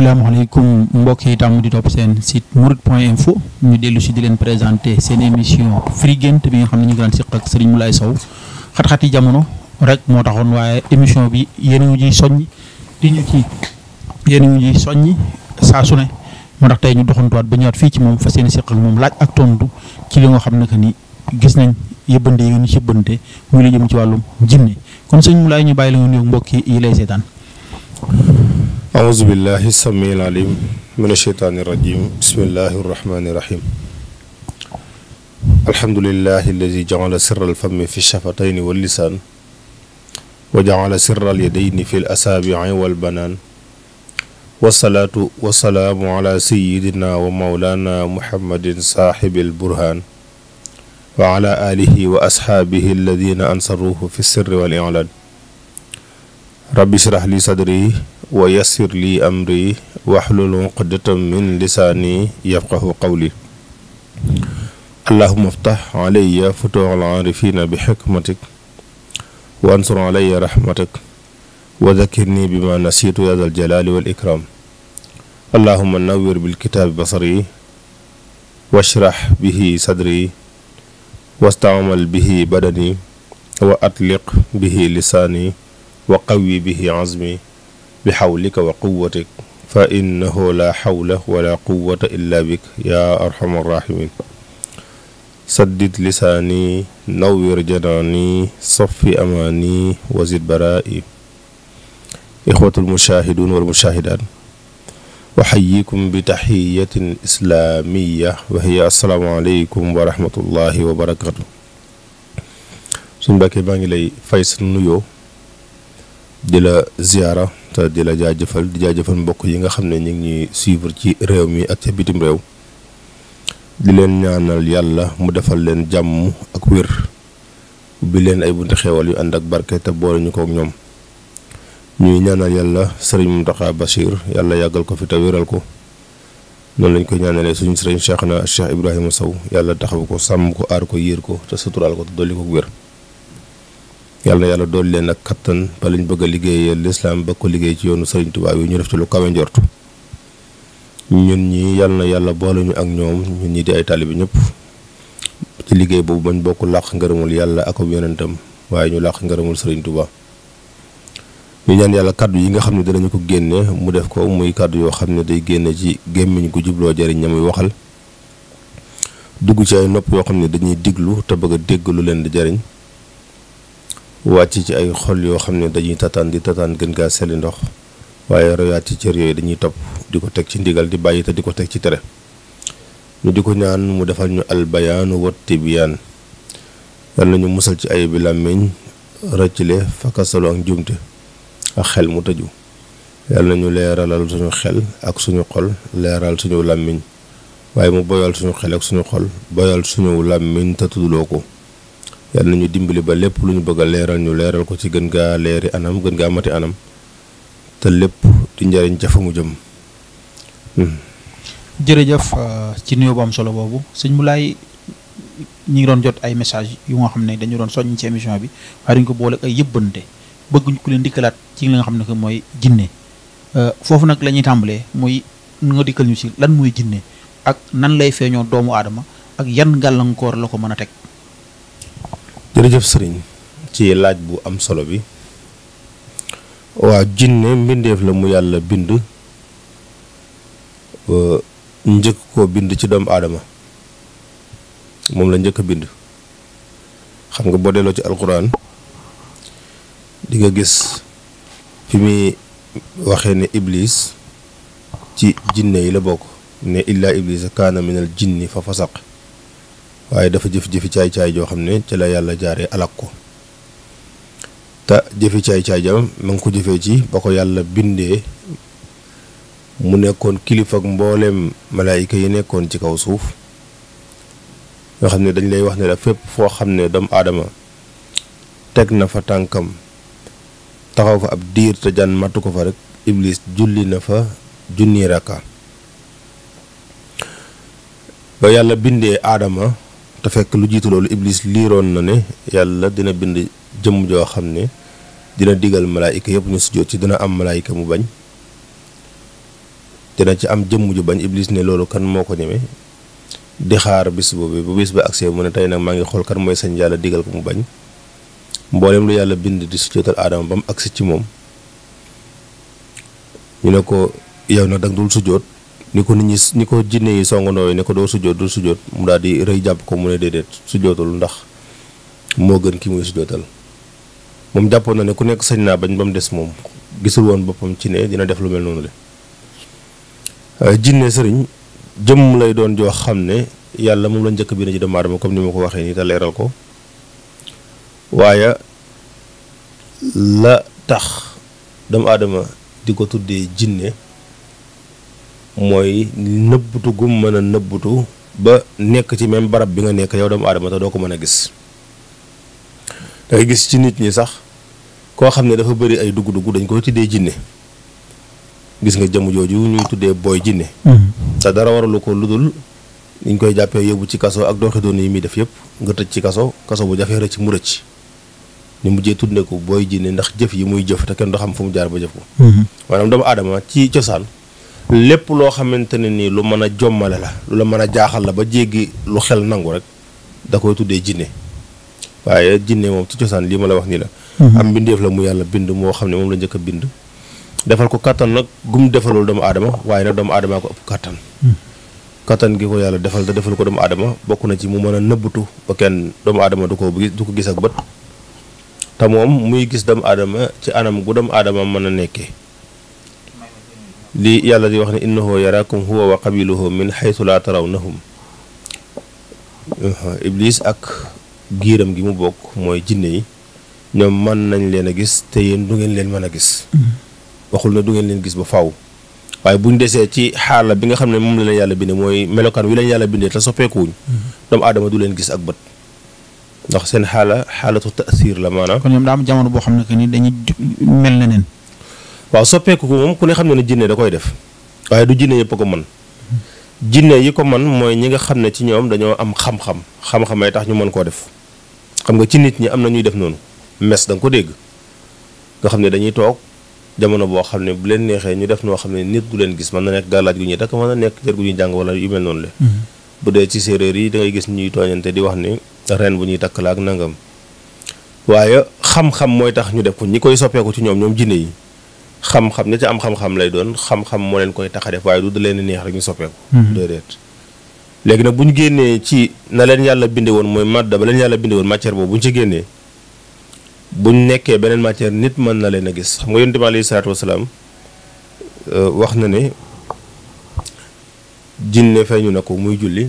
asalaamaaleykum mbokk yi tàmm di topp seen site mourides point si leen présenter seen émission Firi Guent bi nga xam ne ñu ngi daan siq ak Serigne Moulay Sow xat-xat yi jamono rek moo taxoon waaye émission bi yéen ñu ciy soññ di ñu ci yéen ñu ciy soññ saa su ne moo tax tey ñu doxantuwaat ba ñëwaat fii ci moom fa yéene siq ak moom laaj ak tontu ci li nga xam ne que ni gis nañ yëbbante yi ñu ci yëbbante muy la jëm ci wàllum jinne kon sëñ Moulay ñu bàyyi la nga nuyoog mbokk yi lay seetaan. أعوذ بالله السميع العليم من الشيطان الرجيم بسم الله الرحمن الرحيم الحمد لله الذي جعل سر الفم في الشفتين واللسان وجعل سر اليدين في الأصابع والبنان والصلاة والسلام على سيدنا ومولانا محمد صاحب البرهان وعلى آله وأصحابه الذين أنصروه في السر والإعلان رب اشرح لي صدري ويسر لي أمري واحلل عقدة من لساني يفقه قولي اللهم افتح علي فتوح العارفين بحكمتك وانصر علي رحمتك وذكرني بما نسيت يا ذا الجلال والإكرام اللهم نور بالكتاب بصري واشرح به صدري واستعمل به بدني وأطلق به لساني وقوي به عزمي بحولك وقوتك فإنه لا حول ولا قوة إلا بك يا أرحم الراحمين سدد لساني نور جناني صفي أماني وزد برائي إخوة المشاهدون والمشاهدات أحييكم بتحية إسلامية وهي السلام عليكم ورحمة الله وبركاته suñ بانجلي baa نيو di la ziyaara te di la jëfal di jaajëfal mbokk yi nga xam ne ñu ngi ñuy suivre ci réew mi ak ca bitim réew di leen ñaanal yàlla mu defal leen jàmm ak wér bi leen ay bunti xewal yu ànd ak barke te boole ñu ko ak ñoom ñuy ñaanal yàlla sëriñ Mountakha Bachir yàlla yàggal ko fi te wéral ko noonu lañ koy ñaanalee suñu sëriñ Cheikh na Cheikh Ibrahima saw yàlla taxaw ko sàmm ko aar ko yéer ko te suturaal ko te dolli ko wér. yàlla na yàlla dool leen ak kattan ba lañ bëgg liggéey liggéeyal lislaam ba ko liggéey ci yoonu Sëriñ Tuubaa yi ñu def ci lu kawe njort ñun ñi na yàlla boole ñu ak ñoom ñun ñi di ay ñëpp ci liggéey boobu bañ bokk làq ngërëmul yàlla ak yonentam waaye ñu làq ngërëmul Sëriñ Tuubaa ñu ñaan yàlla kàddu yi nga xam ne danañu ko génne mu def ko muy kàddu yoo xam ne day génne ci gémmiñ gu jubloo jariñ ñamuy waxal dugg ci ay nopp yoo xam ne dañuy diglu te bëgg dégg lu leen di jariñ wàcc ci ay xol yoo xam ne dañuy tataan di tataan gën gaa selli ndox waaye royaat ci cër yooyu dañuy topp di ko teg ci ndigal di bàyyi te di ko teg ci tere ñu di ko ñaan mu defal ñu albayaanu wat tibiyaan yal nañu musal ci ay bi làmmiñ rëccile fakkasalu ak njumte ak xel mu tëju yal nañu leeralal suñu xel ak suñu xol leeral suñu làmmiñ waaye mu boyal suñu xel ak suñu xol boyal suñu làmmiñ te tuddloo ko yalla nañu dimbali ba lepp luñu bëgg a ñu leeral ko ci gën ga léré anam gën ga mati anam té lepp di njariñ jafa mu jëm hmm. jëf euh, ci nuyoo bu am solo bobu señ mu ñi ngi doon jot ay message yu nga xam dañu doon soñ ci émission bi waaye dañ ko bolé ak ay yëbbante bëgguñ ku leen dikkalaat ci nga xam ko moy jinné jinne euh, fofu nak la tambalé moy nga dikkal ñu ci lan moy jinne ak nan lay feño doomu adama ak yan galankor lako mëna tek jërëjëf sëriñ ci laaj bu am solo bi waa jinne mbindeef la mu yàlla bind njëkk ko bind ci doomu aadama moom la njëkk bind xam nga boo delloo ci alxuraan di nga gis fi muy waxee ne iblis ci jinne yi la bokk ne illa kaanam kaana minal jinni fa fasaq waaye dafa jëf-jëfi caay-caay joo xam ne ci la yàlla jaaree alak ko te jëfi caay-caay jam ma nga ko jëfee ci ba ko yàlla bindee mu nekkoon kilifa ak mbooleem malaayika yi nekkoon ci kaw suuf yoo xam ne dañ lay wax ne la fépp foo xam ne doomu aadama teg na fa tànkam taxaw fa ab diir te jan matu ko fa rek iblis julli na fa junni rakka ba yàlla bindee aadama te fekk lu jiitu loolu iblis liiroon na ne yàlla dina bind jëmm joo xam ne dina digal malaayika yëpp ñu sujjóot ci dina am malaayika mu bañ dina ci am jëmm ju bañ iblis ne loolu kan moo ko ñeme di xaar bis boobu bu bis ba agsee mu ne tey nag maa ngi xool kan mooy sañ yàlla digal ko mu bañ mboolem lu yàlla bind di sujjóotal aadama ba mu agsi ci moom ñu ne ko yow nag danga dul sujjóot Niko nit ñi niko jinne yi songo noy niko do doo do doo mu daal di rëy japp ko mu ne déedéet sujjootul ndax mo gën ki muy sujjootal mom jappo na ne ku nekk sañ bañ bam mu mom gisul won bopam ci ne dina def lu mel nonu le euh, jinne señ jëm lay doon jo xamne ne mom moom la bi na ci doomu aadama comme ni ko waxee nii ko waya la tax doomu adama di tuddé tuddee jinne mooy nëbbutu gum mën a nëbbutu ba nekk ci même barab bi nga nekk yow doomu aadama te doo ko mën a gis da gis ci nit ñi sax koo xam ne dafa bëri ay dugg-dugg dañ koy tuddee jinne gis nga jëmm jooju ñuy tuddee booy jinne hmm. te dara waralu ko ludul ñu koy jàppee yóbbu ci kaso ak doxi doon yi muy def yëpp nga tëj ci kaso kaso bu jafee rëcc mu rëcc ñu mujjee tudde booy jinne ndax jëf yi muy jëf te kenn du xam fu mu jaar ba jëf ko hmm. maanaam doomu aadama ci cosaan lépp loo xamante ne nii lu mën a jommale la lu la mën a jaaxal la ba jéggi lu xel nangu rek da koy tuddee jinne waaye jinne moom ci cosaan lii ma la wax nii la. Mhm. am mbindeef la mu yàlla bind moo xam ne moom la njëkk a bind. defal ko kattan nag gum defalul doomu aadama waaye nag doomu aadamaa ko ëpp kattan. Hmm. kattan gi ko yàlla defal te defal ko doomu aadama bokk na ci mu mën a nëbbatu ba kenn doomu aadama du ko du ko gis ak bët te moom muy gis doomu aadama ci anam gu doomu aadama mën a nekkee. li yàlla di wax ne innahu yaraakum huwa wa qabiluhu min xaytu laa tarawnahum uh-huh. iblis ak giiram gi mu bokk mooy jinne yi ñoom mën nañ leen a gis te yéen du ngeen leen mën a gis mm-hmm. waxul ne du ngeen leen gis ba faw waaye buñ desee ci xaala bi nga xam ne moom la leen yàlla ne mooy melokaan wi leen yàlla bindee te soppeekuwuñ mm-hmm. doomu aadama du leen gis ak bët ndox seen xaala xaalatu taasiir la maanaam kon ñoom daa am jamono boo xam ne que ni dañuy mel na waaw soppeeku ko moom ku ne xam ne ne jinne da koy def waaye du jinne yëpp ko man jinne yi ko man mooy ñi nga xam ne ci ñoom dañoo am xam-xam xam tax ñu mën koo def xam nga ci nit ñi am na ñuy def noonu mes da ko dégg nga xam ne dañuy toog jamono boo xam ne bu leen neexee ñu def noo xam ne nit leen gis mën na nekk gàllaaj gu ñuy takk mën na nekk jër gu ñuy yu mel noonu la mm-hmm. bu dee ci séeréer yi da gis ñuy tooñante di wax ni ren bu ñuy takk ak nangam waaye xam-xam mooy tax ñu def ko ñi koy soppeeku ci ñoom ñoom jinne yi xam-xam ña ca am xam-xam lay doon xam-xam moo leen koy tax a def waaye du da leen neex rek ñu soppeeku. Hmm. déedéet léegi nag bu ñu génnee ci na leen yàlla bindee woon mooy madda ba leen yàlla bindee woon matière boobu bu ñu ci génnee bu ñu nekkee beneen matière nit mën na leen a gis xam nga yonent bi alayhi salaatu wasalaam euh, wax na ne jinne feeñu na ko muy julli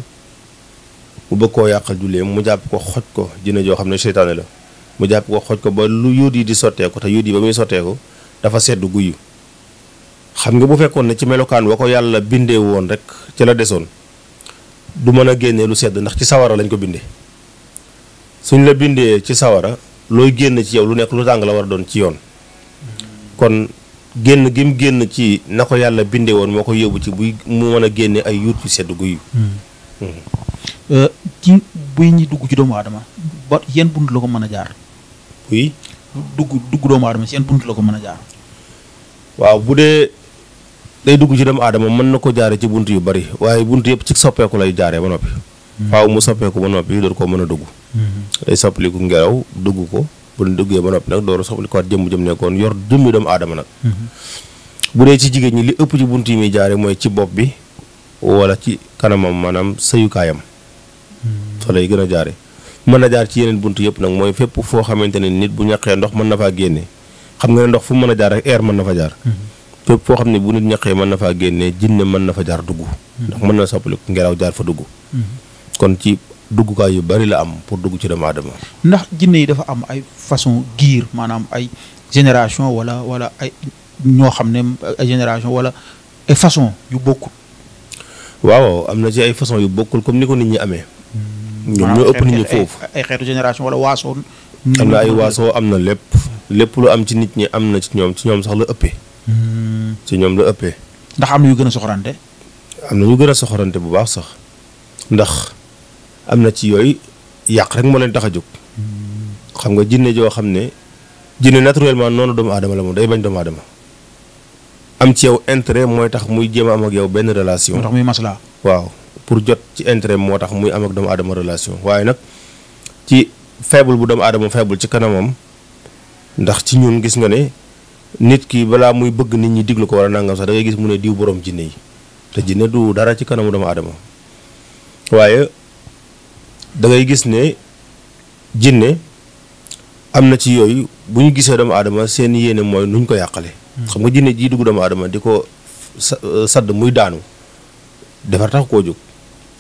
mu bëgg koo yàqal julleem mu jàpp ko xoj ko jinne joo xam ne seytaane la mu jàpp ko xoj ko ba lu yóot yi di sotteeku te yóot yi dafa sedd guyu xam nga bu fekkoon ne ci melokaan wa ko yàlla bindee woon rek ca la desoon du mën a génne lu sedd ndax ci sawara lañ ko bindee suñ la bindee ci sawara looy génn ci yow lu nekk lu tàng la war a doon ci yoon kon génn gi génn ci na ko yàlla bindee woon moo ko yóbbu ci buy mu mën a génne ay yuut yu sedd guyu hmm. Hmm. Euh, ci buy ñi dugg ci doomu aadama ba yan bunt la ko mën a jaar buy dugg dugg doomu aadama si yan bunt la ko mën a jaar waaw bu dee day dugg ci doomu aadama mën na ko jaare ci bunt yu bari waaye bunt yëpp ci soppeeku lay jaaree ba noppi. waaw hmm. mu soppeeku ba noppi door koo mën a dugg. Hmm. day soppaliku ngelaw dugg ko bu duggee ba noppi nag door a soppalikuwaat jëmm jëm nekkoon yor jëmmi doomu aadama nag. Hmm. bu dee ci jigéen ñi li ëpp ci bunt yi muy jaare mooy ci bopp bi wala ci kanamam maanaam sëyukaayam. fa lay gën a jaare mën a jaar ci yeneen bunt yëpp nag mooy fépp foo xamante ne nit bu ñaqee ndox mën na faa génne. xam nga ne ndox fu mën a jaar rek air mën na fa jaar mhm. fépp foo xam ne bu nit ñaqee mën na faa génnee jinne mën na fa jaar dugg mhm. ndax mën na soppaliku ngelaw jaar fa dugg mhm. kon ci duggukaay yu bari la am pour dugg ci doomu aadama ndax jinne yi dafa am ay façon giir maanaam ay génération wala wala ay ñoo xam ne génération wala ay yu bokkul waaw am na ci façon yu bokkul comme ni ko amee hmm. ñoom ay xeetu génération wala waasoon ay waasoo am na lépp lepp lu am ci nit ñi am na ci ñoom ci ñoom sax la hmm ci ñoom la ëppee ndax am yu gëna soxorante am na yu gëna soxorante bu baax sax ndax am na ci yoy yaq rek mo leen taxaju hmm. xam nga jinne jo xam ne jinne naturellement nonu doom adam la mo day bañ doom adam am ci yow intérêt moy tax muy jéem am ak yow ben relation moo tax muy masla waaw pour jot ci intérêt motax muy am ak doom adam relation waye nak ci faible bu doom adam faible ci kanamam ndax ci ñun gis nga ne nit ki balaa muy bëgg nit ñi diglu ko wala nangam sax da gis mu ne diw boroom jinne yi te jinne du dara ci kanamu doomu aadama waaye da gis ne jinne am na ci yooyu bu ñu gisee doomu adama seen yéene mooy nuñ ko yàqale. Hmm. xam nga jinne jii dugg doomu adama di ko euh, sadd muy daanu defar tax koo jóg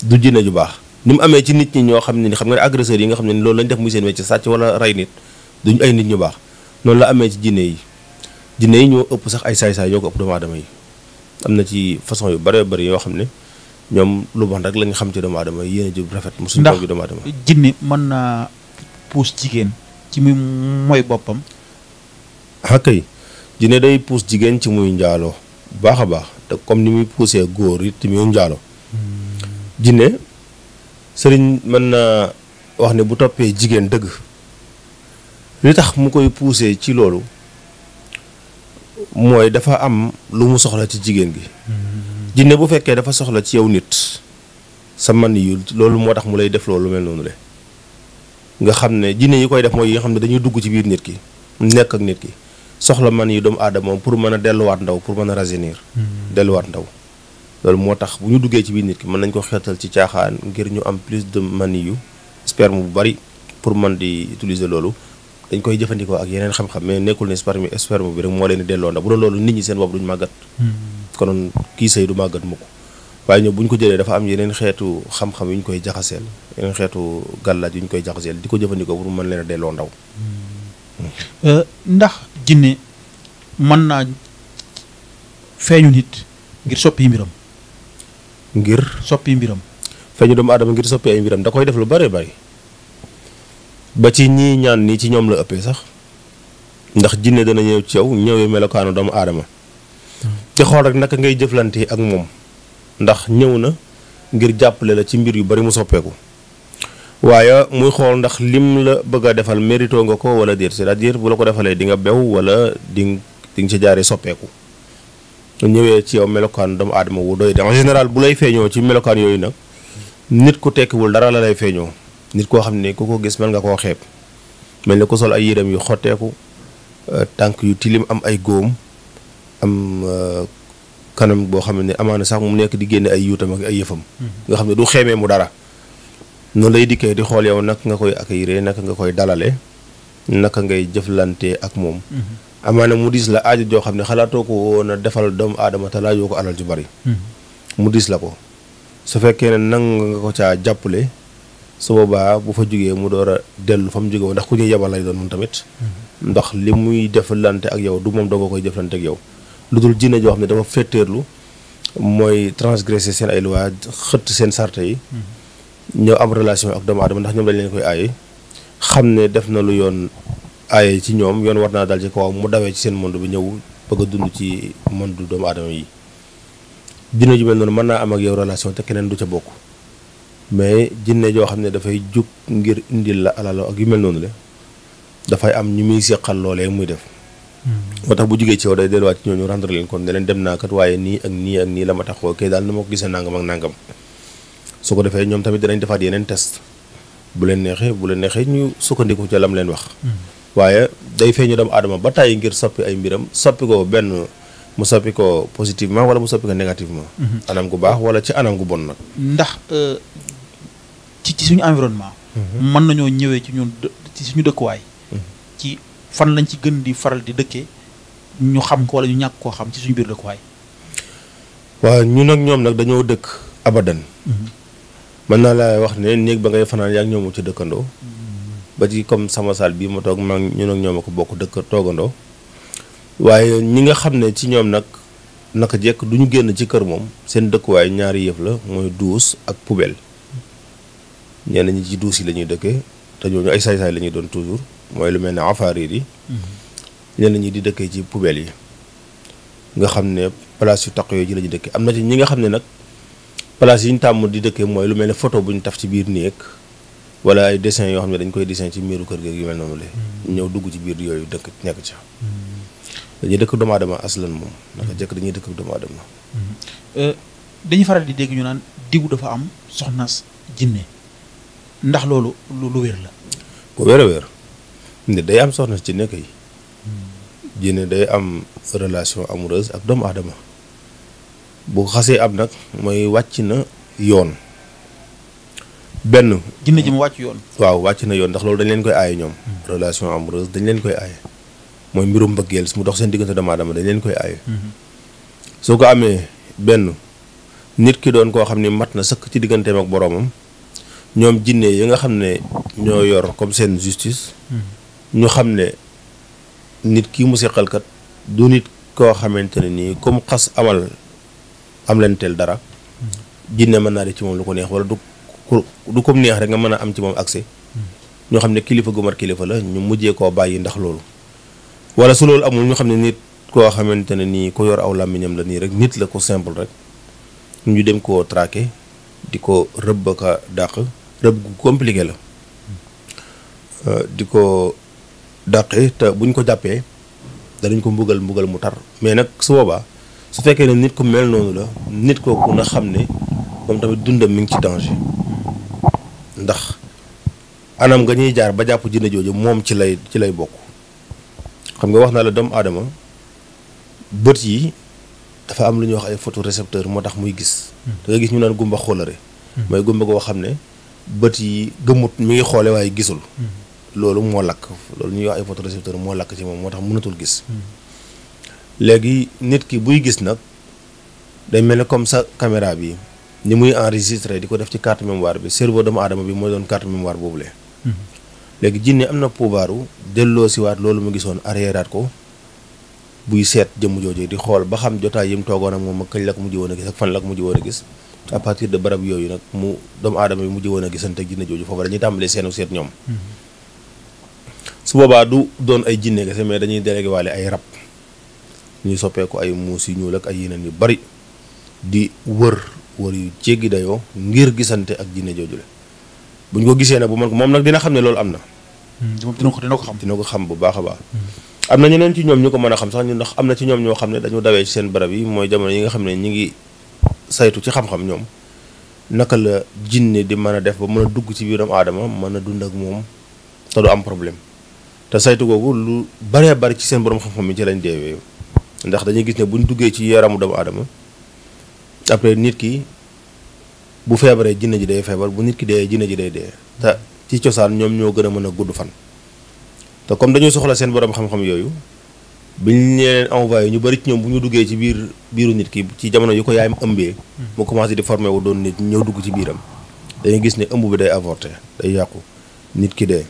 du jinne ju baax ni mu amee ci nit ñi ñoo xam ne ni xam nga ne agresseurs yi nga xam ne ni loolu lañ def muy seen métier sàcc wala rey nit duñ ay nit ñu baax. noonu la amee ci jinne yi jinne yi ñoo ëpp sax ay saay-saay ñoo ko ëpp doomu aadama yi am na ci façon yu bëree bëri yoo xam ne ñoom lu bon rek la xam ci doomu aadama yi yéen a jub rafet mosuñ ko ci doomu aadama jinne mën naa puus jigéen ci muy mooy boppam akay ah, jinne day puus jigéen ci muy njaaloo baax a baax te comme ni muy puusee góor it ci muy njaalo hmm. jinne sëriñ mën na wax ne bu toppee jigéen dëgg li tax mu koy poussé ci loolu mooy dafa am lu mu soxla ci jigéen gi jinne bu fekkee dafa soxla ci yow nit sa man yu loolu moo tax mu lay def loolu mel noonu le nga xam ne jinne yi koy def mooy yi nga xam ne dañuy dugg ci biir nit ki nekk ak nit ki soxla man yi doomu aadama pour mën a delluwaat ndaw pour mën a rajeunir hmm. delluwaat ndaw loolu moo tax bu ñu duggee ci biir nit ki mën nañ ko xeetal ci caaxaan ngir ñu am plus de man yu sperme bu bari pour mën di utiliser loolu dañ koy jëfandikoo ak yeneen xam-xam mais nekkul ne sperme sperme bi rek moo leen di delloo ndax bu doon loolu nit ñi seen bopp duñ màggat hmm. konoon kii sëy du màggat mukk waaye ñoom bu ñu ko jëlee dafa am yeneen xeetu xam-xam yu ñu koy jaxaseel yeneen xeetu gàllaaj yu ñu koy jaxaseel di ko jëfandikoo pour mën leen a delloo ndaw hmm. euh, ndax jinne mën naa feeñu nit ngir soppi mbiram ngir soppi mbiram feeñu doomu aadama ngir soppi ay mbiram da koy def lu bare bari ba ci ñii ñaan nii ci ñoom la ëppee sax ndax jinne dana ñëw ci yow ñëwee melokaanu doomu aadama te xool rek naka ngay jëflante ak moom ndax ñëw na ngir jàppale la ci mbir yu bari mu soppeeku waaye muy xool ndax lim la bëgg a defal merito nga ko wala déet cest à bu la ko defalee di nga bew wala di di nga ci jaaree soppeeku ñëwee ci yow melokaan doomu aadama wu doy de en général bu lay feeñoo ci melokaan yooyu nag nit ku tekkiwul dara la lay feeñoo nit koo xam ne ku ko gis mën nga koo xeeb mel ni ku sol ay yéreem yu xotteeku euh, tànk yu tilim am ay góom am euh, kanam boo xam ne amaana sax mu nekk di génne ay yuutam ak ay yëfam mm-hmm. nga xam ne du xeemee mu dara noonu lay dikkee di xool yow naka nga koy accueillir naka nga koy dalale naka ngay jëflante ak moom mm-hmm. amaana mu diis la aajo joo xam ne xalaatoo ko woon defal doomu aadama te laajoo ko alal ju bari mm-hmm. mu diis la ko su fekkee ne nangu nga ko caa jàppale su boobaa bu fa jógee mu door a dellu fa mu jóge woon ndax ku ñuy yabal lay doon moom tamit ndax li muy deflante ak yow du moom doo ko koy deflante ak yow lu dul jinne joo xam ne dafa féeteerlu mooy transgresser seen ay loi seen sarte yi ñëw am relation ak doomu aadama ndax ñoom dañ leen koy aaye xam ne def na lu yoon aaye ci ñoom yoon war naa dal ci kaw mu dawee ci seen monde bi ñëw bëgg a dund ci mën du doomu aadama yi dina ju mel noonu mën naa am ak yow relation te keneen du ca bokk mais jinne joo xam ne dafay jug ngir indil la alalo ak yu mel noonu la dafay am ñu muy seqal loole muy def. Hmm. moo tax bu jugee ci yow day delluwaat ci ñooñu rendre leen compte ne leen dem naa waaye nii ak nii ak nii la ma taxoo kay daal na ma ko gisee su ko defee ñoom tamit danañ defaat yeneen test bu leen neexee bu leen neexee ñu sukkandiku ca lam leen wax. Hmm. waaye day feeñu doomu aadama ba tàyyi ngir soppi ay mbiram soppi ko benn. mu soppi ko positivement wala mu soppi ko négativement. Hmm. anam gu baax wala ci anam gu bon nag. ndax euh, ci suñu environnement. Mhm. mën nañoo ñëwee ci ñun ci suñu dëkkuwaay. Mhm. ci fan lañ ci gën di faral di dëkkee ñu xam ko wala ñu ñàkk koo xam ci suñu biir dëkkuwaay. waaye ñun ak ñoom nag dañoo dëkk abadan. Mhm. mën naa laa wax ne néeg ba ngay fanaan yaa ngi ci dëkkandoo. ba ci sama saal bii ma toog ma ñun ak ko bokk dëkk toogandoo. waaye ñi nga xam ne ci ñoom nag naka jekk du ñu génn ci kër moom seen dëkkuwaay ñaari yëf la mooy duus ak poubelle. ñenn ñi ci duus lañuy dëkke té ñoo ay say say lañuy doon toujours moy lu melni afari di yi mm-hmm. ñi di dëkke ci poubelle yi nga xamné place yu taq ji lañu dëkke amna ci ñi nga xamné nak place yi ñu tam di dëkke moy lu melni photo buñu taf ci biir neek wala ay dessin yo xamné dañ koy dessin ci miru kër gi yu mel nonu lé mm-hmm. ñew dugg ci biir yoyu dëkk nekk ci dañu dëkk doom aadama aslan mom naka jëk dañuy dëkk doomu mm-hmm. euh dañuy faral di dégg ñu naan diw dafa am soxnas jinné ndax loolu lu wér la. bu wér a wér nit day am soxna ci nekk yi. jinne day am relation amoureuse ak doomu aadama bu xasee am nag mooy wàcc na yoon. benn. jinne ji mu wàcc yoon. waaw wàcc na yoon ndax loolu dañ leen koy aaye ñoom. relation amoureuse dañ leen koy aaye. mooy mbirum mbëggeel su mu dox seen diggante doomu aadama dañ leen koy aaye. Mm-hmm. soo ko amee benn nit ki doon koo xam ni mat na sëkk ci digganteem ak boroomam. ñoom jinne yi nga xam ne ñoo yor comme seen justice ñu xam ne nit kii mu seqalkat du nit koo xamante ne nii comme xas amal am leen teel dara jinne mën naa di ci moom lu ko neex wala du du comme neex rek nga mën a am ci moom accès ñoo xam ne kilifa gu kilifa la ñu mujjee koo bàyyi ndax loolu wala su loolu amul ñu xam ne nit koo xamante ne nii ku yor aw làmmiñam la nii rek nit la ko simple rek ñu dem koo trake di ko rëbb ka dàq rëbb gu compliqué la euh, di ko dàqe te buñ ko jàppee danañ ko mbugal mbugal mu tar mais nag su boobaa su fekkee ne nit ku mel noonu la nit kooku na xam ne moom tamit dundam mi ngi ci danger ndax anam nga ñuy jaar ba jàpp jinne jooju moom ci lay ci lay bokk xam nga wax naa la doomu aadama bët yi dafa am lu ñuy wax ay photorécepteur moo tax muy gis hmm. da nga gis ñu naan gumba xoolare hmm. mooy gumba goo xam ne bët yi gëmut mi ngi xoole waaye gisul hmm. loolu moo lakk loolu ñuy wax ay photorécepteur moo lakk ci moom moo tax mënatul gis hmm. léegi nit ki buy gis nag day mel ne comme sa caméra bi ni muy enregistré di ko def ci carte mémoire bi cerveau doomu adama bi mooy doon carte boobu boobule hmm. léegi jinne am na pouvoiru delloo siwaat loolu mu gisoon arriéraat ko buy seet jëmm jooju di xool ba xam jotaay yi mu toogoon ak moom ak kañ la ko mujj woon a gis ak fan la ko mujj woon gis à partir de barab yoyu nak mu dom adam yi mu woon gisante jinne joju fofu dañuy tambalé senu set ñom su boobaa du don ay jinne kese mais dañuy délégué walé ay rap ñuy ko ay musi yu ak ay yeneen yu bari di wër wër yu jéggi dayo ngir gisante ak jinne joju le buñ ko gisé na bu hmm, man ko mom nak dina lool amna loolu dina ko dina ko xam dina ko xam bu baaxa a hmm. amna ñeneen ci ñom ñuko mëna xam sax ñun ndax amna ci ñom ño xamné dañu dawé ci seen barab yi moy jamono yi nga xamné ñi ngi saytu ci xam-xam ñoom naka la jinne di mën a def ba mën a dugg ci biiram aadama mën a dund ak moom te du am problème te saytu googu lu baree bari ci seen borom xam-xam yi ci lañ deewee ndax dañuy gis ne bu buñ duggee ci yaramu doomu aadama après nit ki bu feebaree jinne ji day feebar bu nit ki dee jinne ji day dee te ci cosaan ñoom ñoo gën a mën a gudd fan te comme dañoo soxla seen borom xam-xam yooyu bi ñu leen ñu bari ci ñoom bu ñu duggee ci biir biiru nit ki ci jamono yu ko yaayam ëmbee. mu commencé di formé wu doon nit ñëw dugg ci biiram. dañuy gis ne ëmb bi day avorté day yàqu nit ki dee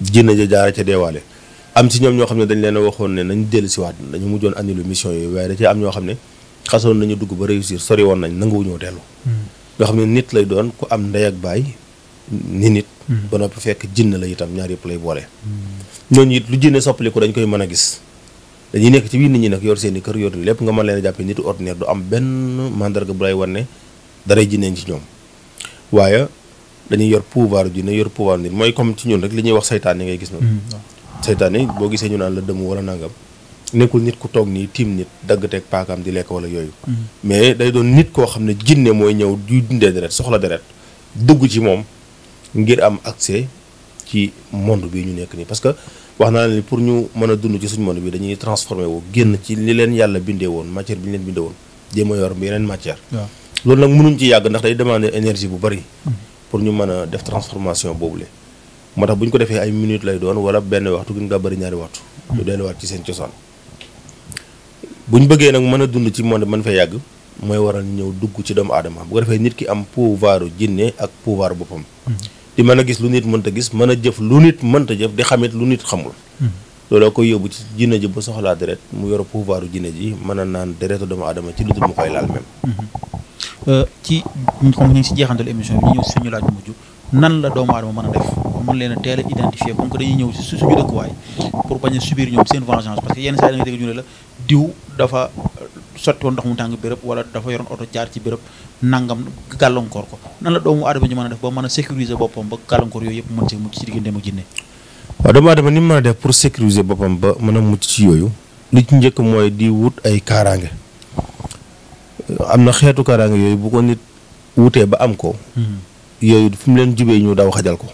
jinne ja jaara ca deewaale am si ñoom ñoo xam ne dañ leen waxoon ne nañ dellu siwaat dañu mujjoon annulé mission yooyu waaye da cee am ñoo xam ne xasoon nañu dugg ba réussir sori woon nañ nanguwuñoo dellu. nga hmm. xam ne nit lay doon ku am ndey ak baay ni nit. Hmm. ba noppi fekk jinn la itam ñaar yëpp lay boole. Hmm. ñooñu it lu jénne soppaliku dañ koy mën a gis dañuy nekk ci biir nit ñi nag yor seen i kër yor lépp nga mën leen a jàppe nitu ordinaire du am benn mandarga bu lay wane daray jineen ci ñoom waaye dañuy yor pouvoir jinne yor pouvoir nit mooy comme ci ñun rek li ñuy wax saytaan yi ngay gis noonu mm, saytaan yi boo gisee ñu naan la dëmm wala nangam nekkul nit ku toog nii tiim nit dagg teg paakaam di lekk wala yooyu mm. mais day doon nit koo xam ne jinne mooy ñëw du dundee deret soxla deret dugg ci moom ngir am accès ci monde bi ñu nekk nii parce que wax naa ne pour ñu mën a dund ci suñu monde bi dañuy transformé wu génn ci li leen yàlla bindee woon matière bi ñu leen bindee woon jéem a yor yeneen matière loolu nag mënuñ ci yàgg ndax day demander énergie bu bari hmm. pour ñu mën a def boobu le moo tax bu ñu ko defee ay minutes lay doon wala benn waxtu gin nga bëri ñaari waxtu hmm. ñu delluwaat ci seen cosaan bu ñu bëggee nag mën a dund ci monde mën fee yàgg mooy waral ñëw dugg ci doomu aadama bu defee nit ki am pouvoiru jinne ak pouvoir boppam hmm. di mën a gis lu nit mënta gis mën a jëf lu nit mënta jëf di xamit lu nit xamul hmm. looloo koy yóbbu ci jinne ji bu soxlaa deret mu yor pouvoiru jinne ji mën a naan deretu doomu aadama ci lu dul mu koy laal même hmm. euh, ci comme ñu si jeexantal émission bi ñu ñëw si suñu laaj mujj nan la doomu aadama mën a def mën leen a a identifier comme que dañuy ñëw si suñu dëkkuwaay pour bañ a subir ñoom seen vengeance parce que yenn saa yi da nga dégg la diw dafa sotti woon ndox mu tàng béréb wala dafa yoroon oto jaar ci béréb nangam gàllankoor ko nan la doomu aadama ñu man a def ba mën a sécuriser boppam ba gàllankoor yooyu yëpp mën see mucc ci digganteem ak jinne waaw doomu aadama ni mu mën a def pour sécuriser boppam ba man a mujj ci yooyu nit ci njëkk mooy di wut ay kaaraange am na xeetu kaaraange yooyu bu ko nit wutee ba am ko hmm. yooyu fi mu leen jubee ñu daw xajal ko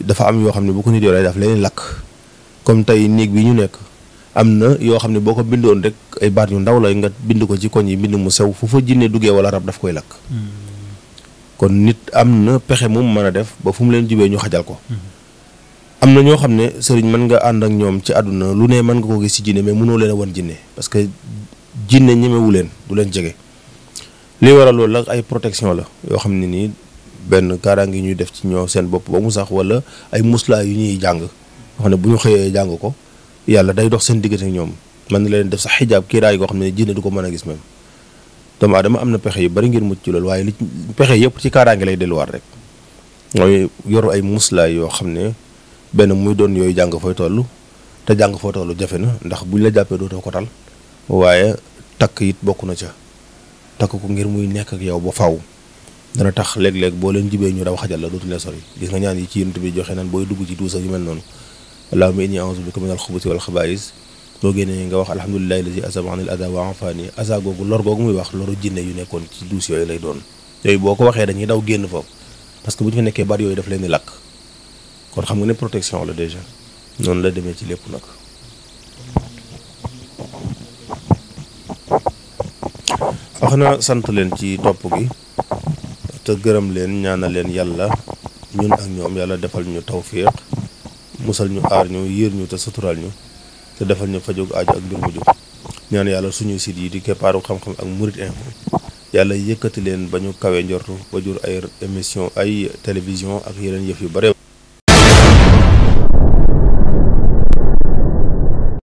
dafa am yoo xam ne bu ko nit yoree daf leen lakk comme tey néeg bi ñu nekk amna yo yoo boko ne ondek ko bindoon rek ay baat yu ndaw la nga bind ko ci koñ yi mbind mu sew fu fa jinne duggee wala rab daf koy lakk hmm. kon nit am na pexe mu def ba fu mu leen jubee ñu xajal ko hmm. am na ñoo xam ne sëriñ mën nga ànd ak ñoom ci àdduna lu ne man nga ko gis ci jinne mais mënoo leen a jinne parce que jinne ñemewu leen du leen jege li waral loolu nag ay protection la yoo xam ne nii benn ñuy def ci ñoo seen bopp ba mu sax wala ay musla yu ñuy jàng yoo xam ne bu ñu ko yàlla day dox seen diggante ak ñoom mën na leen def sax xijaab kiiraay goo xam ne jinne du ko mën a gis même doomu aadama am na pexe yu bari ngir mucc ci loolu waaye li pexe yëpp ci kaaraange lay delluwaat rek mooy yoru ay muslaay yoo xam ne benn muy doon yooyu jàng fooy toll te jàng fooy toll jafe na ndax buñ la jàppee dootoo ko tal waaye takk it bokk na ca takk ko ngir muy nekk ak yow ba faw dana tax léeg-léeg boo leen jibee ñu daw xajal la dootu leen sori gis nga joxe naan booy dugg ci duus ak yu mel noonu allahumma inni a'udhu bika min al-khubuthi wal khaba'is boo génnee nga wax alhamdulillahi lazi azaba anil ada wa anfani asa googu lor googu muy wax loru jinne yu nekkoon ci duus yooyu lay doon yooyu boo ko waxee dañuy daw génn foofu parce que bu ñu fa nekkee baat yooyu daf leen di lakk kon xam nga ne protection la déjà noonu la demee ci lépp nag wax na sant leen ci topp gi te gërëm leen ñaanal leen yàlla ñun ak ñoom yàlla defal ñu tawfiq musal ñu aar ñu yéer ñu te suturaal ñu te defal ñu fajog aajo ak mbir mu jóg ñaan yàlla suñuy sit yi di keppaaru xam-xam ak murit info yàlla yëkkati leen ba ñu kawe njortu ba jur ay émission ay télévision ak yeneen yëf yu bare